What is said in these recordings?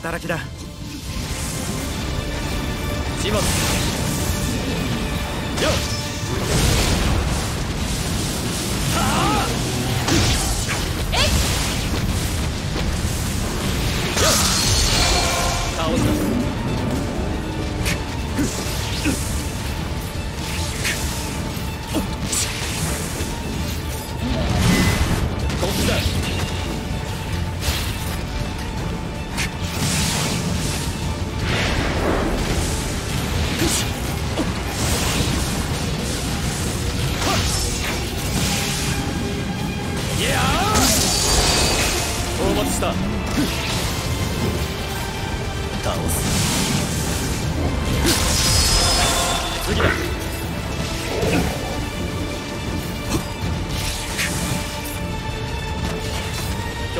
働きだ始末よっ倒した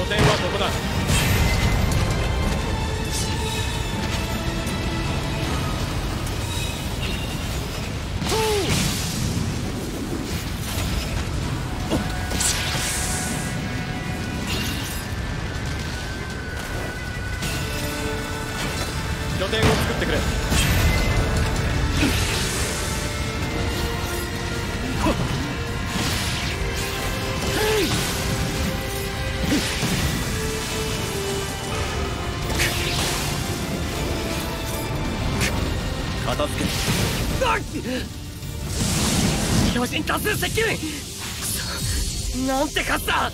进攻！なんて勝つだ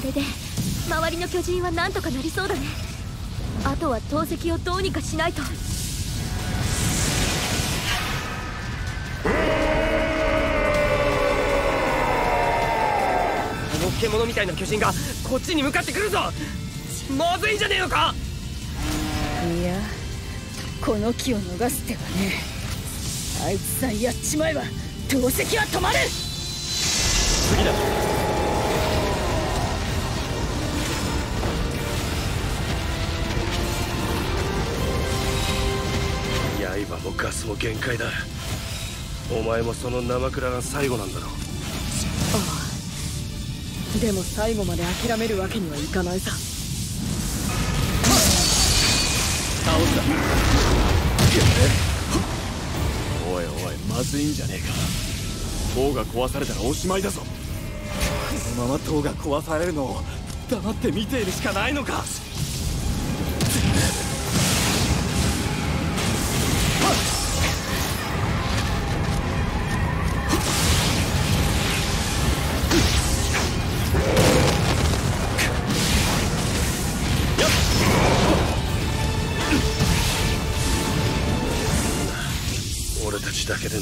これで周りの巨人は何とかなりそうだねあとは投石をどうにかしないと獣みたいな巨人がこっちに向かってくるぞまずいんじゃねえのかいやこの木を逃す手はねあいつさえやっちまえば投石は止まる次だも限界だお前もその生倉が最後なんだろうああでも最後まで諦めるわけにはいかないさ倒すだおいおいまずいんじゃねえか塔が壊されたらおしまいだぞこのまま塔が壊されるのを黙って見ているしかないのか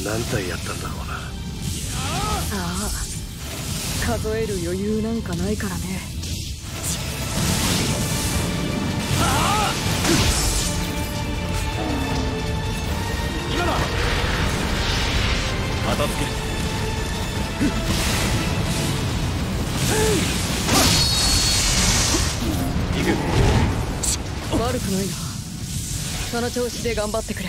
何体やったんだろうなああ数える余裕なんかないからね悪くないなその調子で頑張ってくれ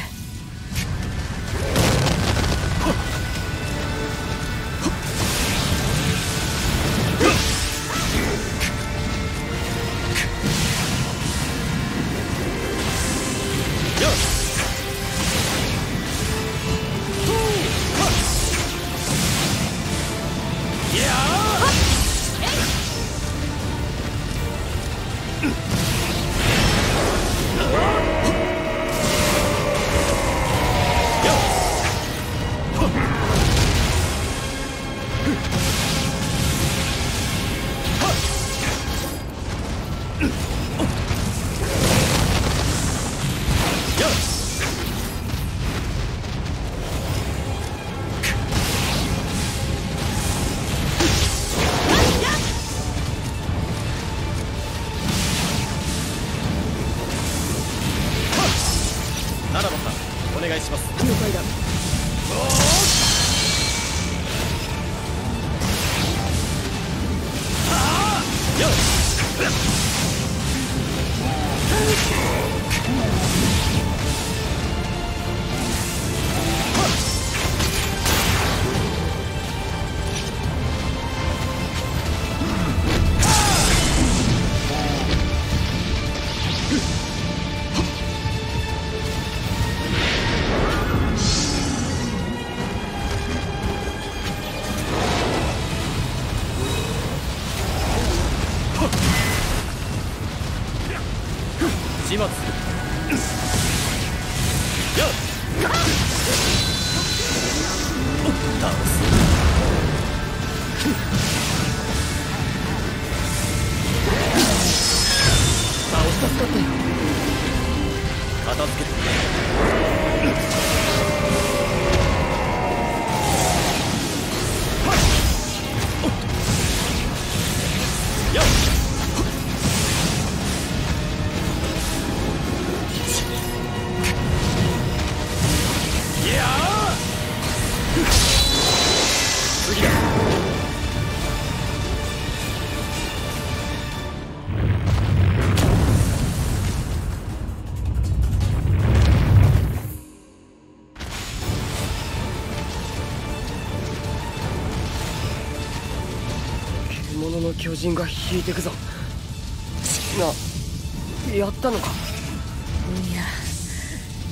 人が引いてくぞなやったのかいや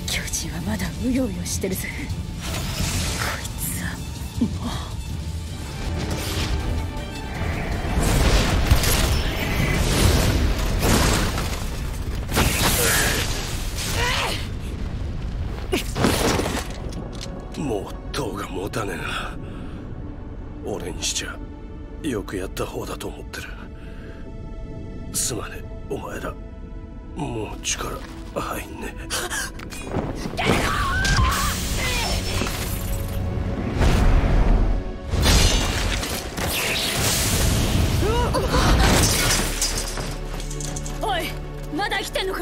巨人はまだうようよしてるぜこいつはもうよくやった方だと思ってるすまねお前らもう力入んねおいまだ生きてんのか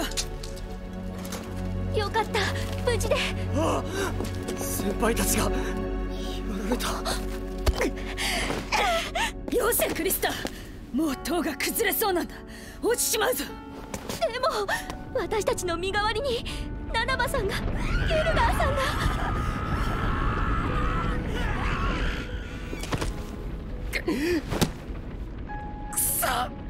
よかった無事でああ先輩たちがやられたせクリスタもう塔が崩れそうなんだ落ちちまうぞでも私たちの身代わりにナナバさんがギルガーさんがくくそ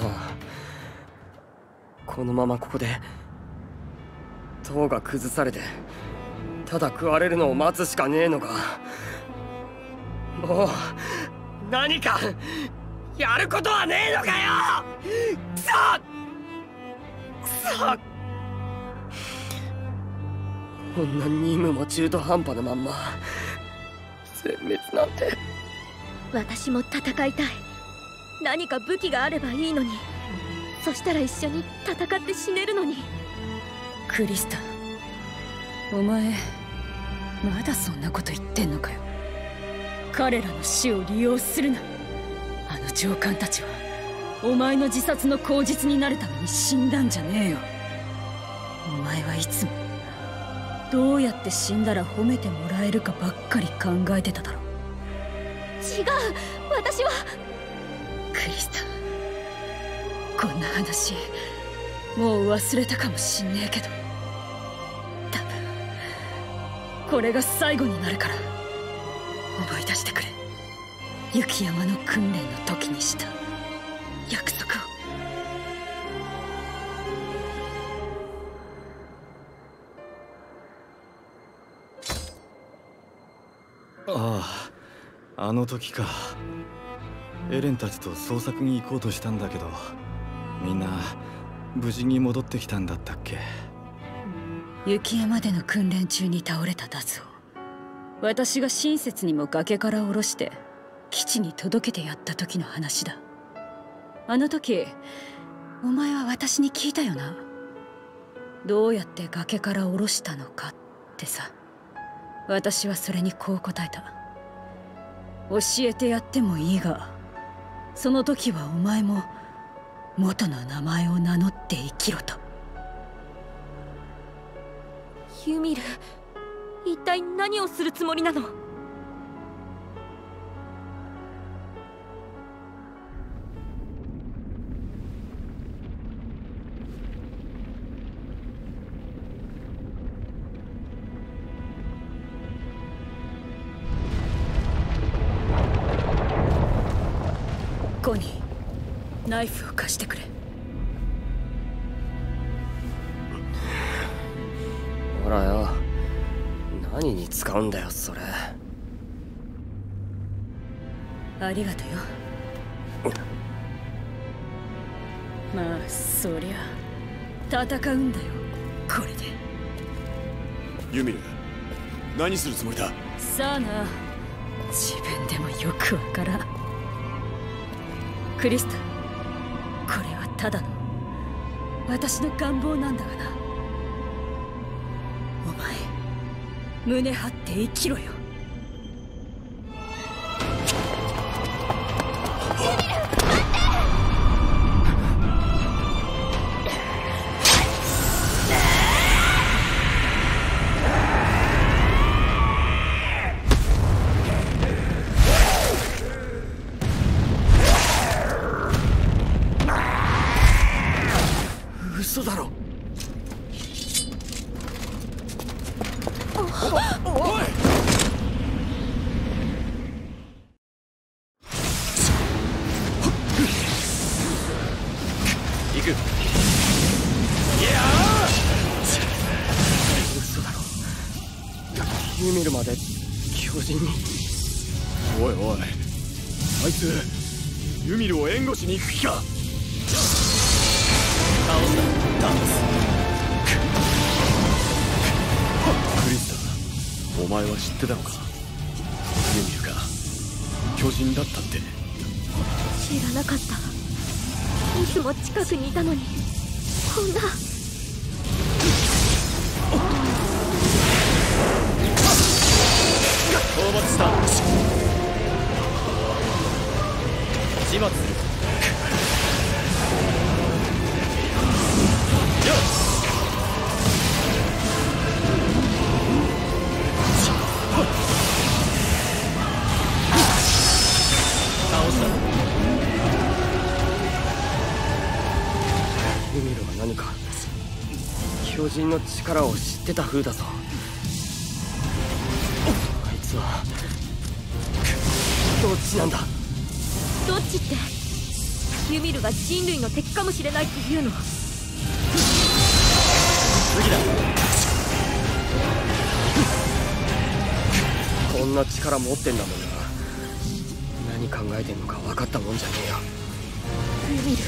なこのままここで塔が崩されてただ食われるのを待つしかねえのかもう何かやることはねえのかよくそくそこんな任務も中途半端なまんま全滅なんて私も戦いたい何か武器があればいいのにそしたら一緒に戦って死ねるのにクリスタお前まだそんなこと言ってんのかよ彼らの死を利用するなあの上官たちはお前の自殺の口実になるために死んだんじゃねえよお前はいつもどうやって死んだら褒めてもらえるかばっかり考えてただろ違う私はこんな話もう忘れたかもしんねえけど多分これが最後になるから思い出してくれ雪山の訓練の時にした約束をあああの時かエレンたちと捜索に行こうとしたんだけどみんな無事に戻ってきたんだったっけ雪山での訓練中に倒れた達を私が親切にも崖から下ろして基地に届けてやった時の話だあの時お前は私に聞いたよなどうやって崖から下ろしたのかってさ私はそれにこう答えた教えてやってもいいがその時はお前も元の名前を名乗って生きろとユミル一体何をするつもりなのナイフを貸してくれほらよ何に使うんだよそれありがとよまあそりゃ戦うんだよこれでユミル何するつもりださあな自分でもよくわからんクリスタただの私の願望なんだがなお前胸張って生きろよソだろおい見るまで巨人においおいあいつユミルを援護しに行く気か前は知ってたのかユミルが巨人だったって知らなかったいつも近くにいたのにこんな討伐した始末する力を知ってた風だぞあいつはどっちなんだどっちってユミルが人類の敵かもしれないっていうの次だこんな力持ってんだもんな何考えてんのか分かったもんじゃねえよユミル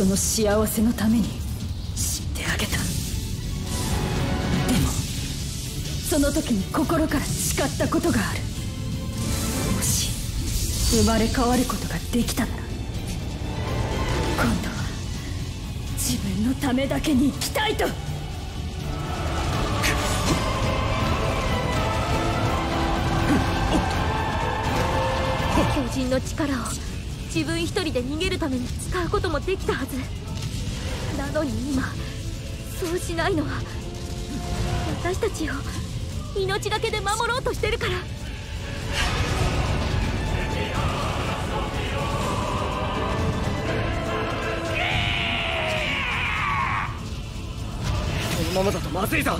人の幸せのために知ってあげたでもその時に心から誓ったことがあるもし生まれ変わることができたなら今度は自分のためだけに生きたいと巨人の力を自分一人で逃げるために使うこともできたはずなのに今そうしないのは私たちを命がけで守ろうとしてるからこのままだとまずいぞ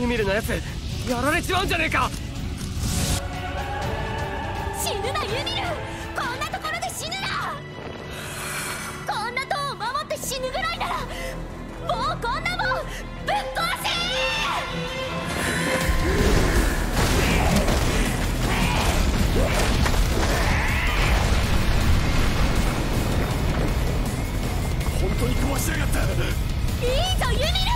ユミルのやつやられちまうんじゃねえか死ぬなユミルこんなもんぶっ壊せに壊しやがったいいぞユミ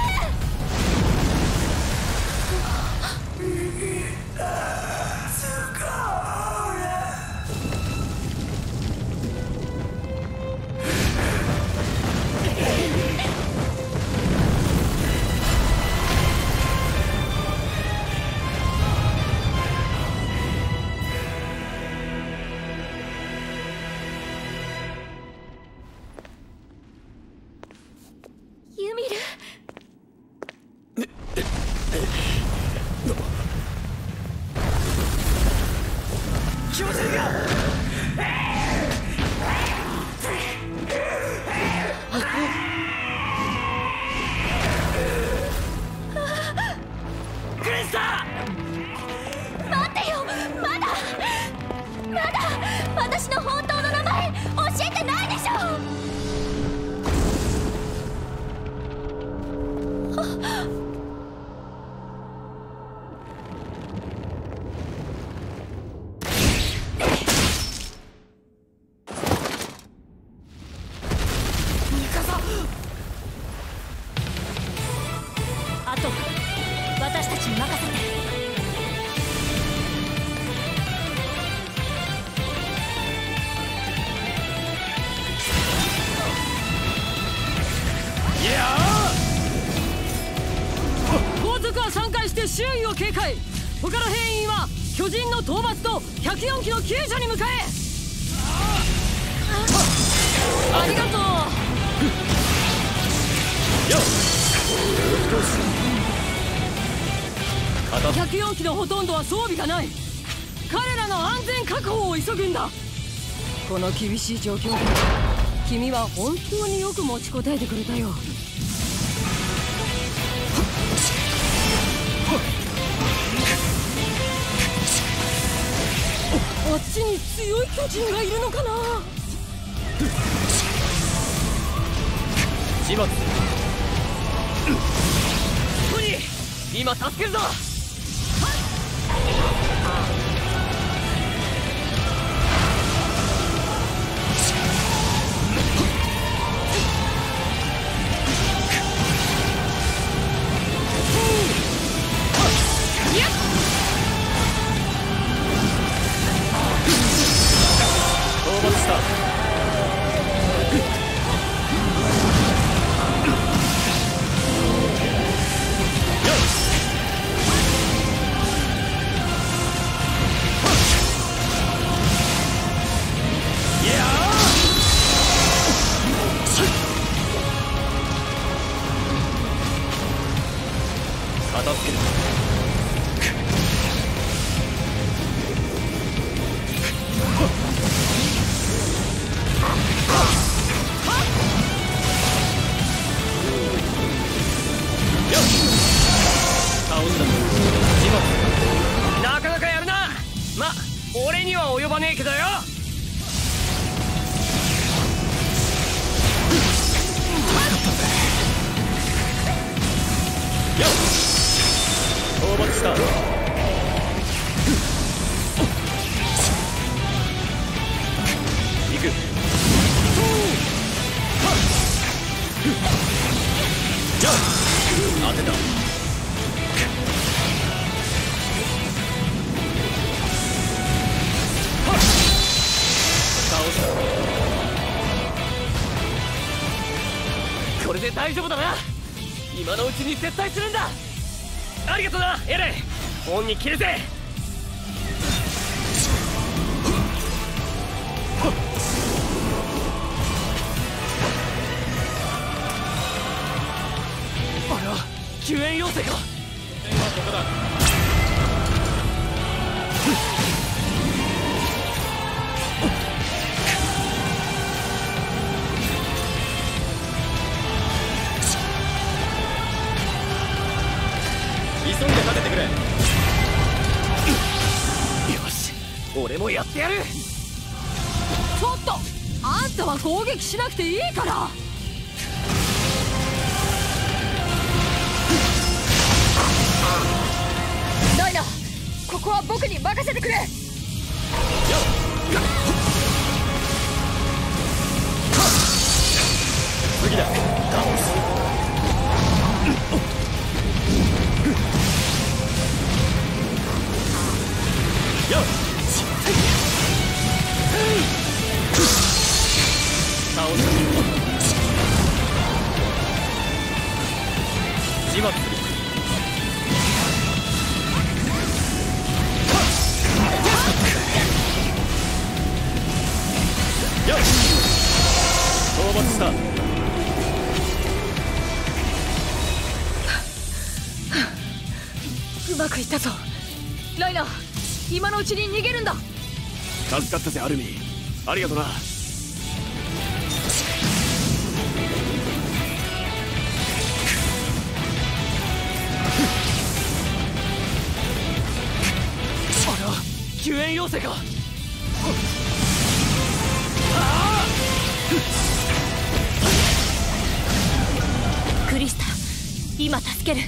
救助に向かえありがとうよっ104機のほとんどは装備がない彼らの安全確保を急ぐんだこの厳しい状況で君は本当によく持ちこたえてくれたよっちに強い巨人がいるのかな始末今助けるぞたこれで大丈夫だな今のうちに撤退するんだありがとなエレン恩に切るぜ救援要請か電話ここだ急いで立ててくれよし俺もやってやるちょっとあんたは攻撃しなくていいからこは僕に任せてくれ次だ倒す討伐したうまくいったぞライナー今のうちに逃げるんだ助かったぜアルミありがとな救援要請か今助ける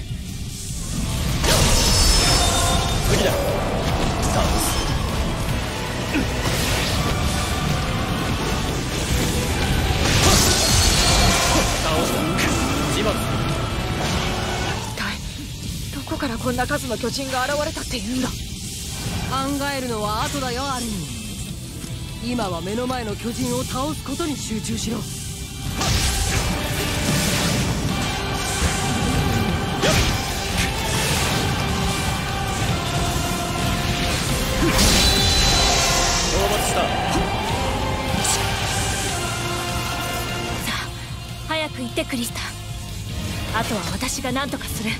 無理だ倒す一体どこからこんな数の巨人が現れたっていうんだ考えるのは後だよアルミ今は目の前の巨人を倒すことに集中しろってクリスタあとは私が何とかする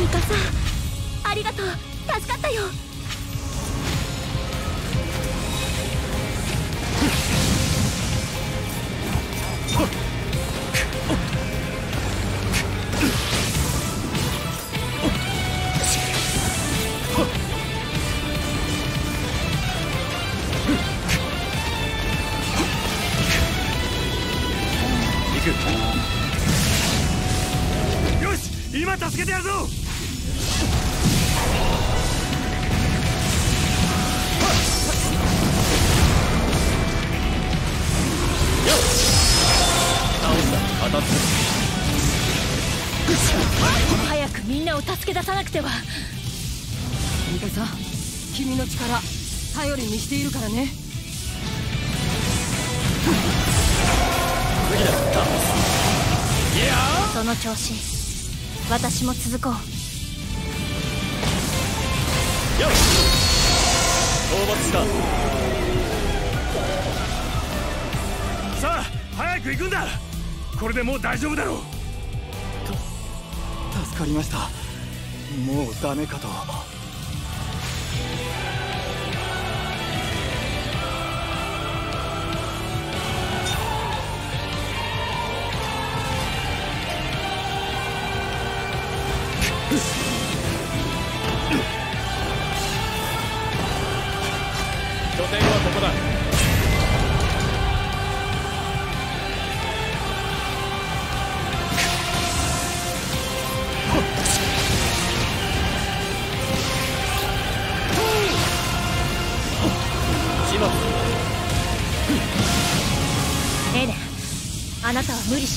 ミカさんありがとう助かったよを助け出さなくてはミカサ君の力頼りにしているからね無理だったいやその調子私も続こうよし討伐ださあ早く行くんだこれでもう大丈夫だろう助かりましたもうダメかと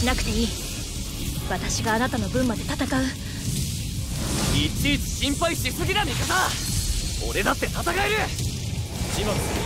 しなくていい私があなたの分まで戦ういちいち心配しすぎだ味方俺だって戦える始末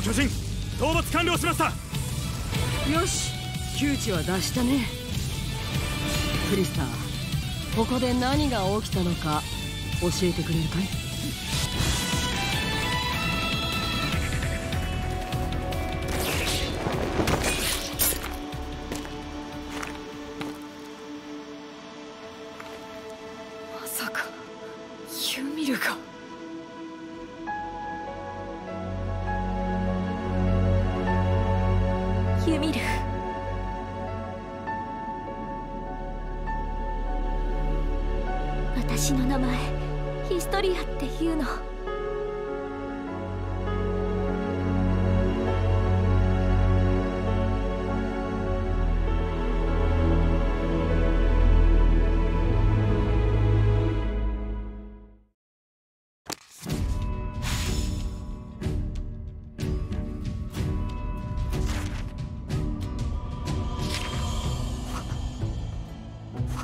の巨人討伐完了しましたよし窮地は脱したねクリスターここで何が起きたのか教えてくれるかい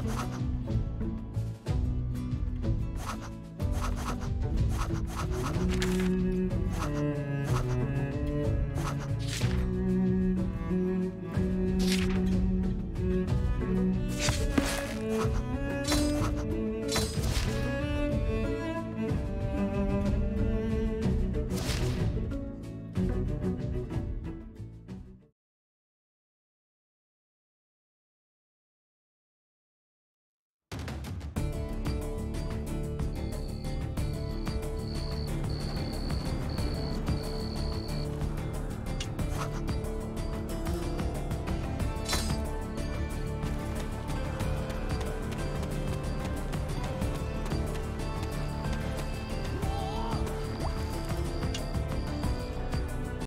うん。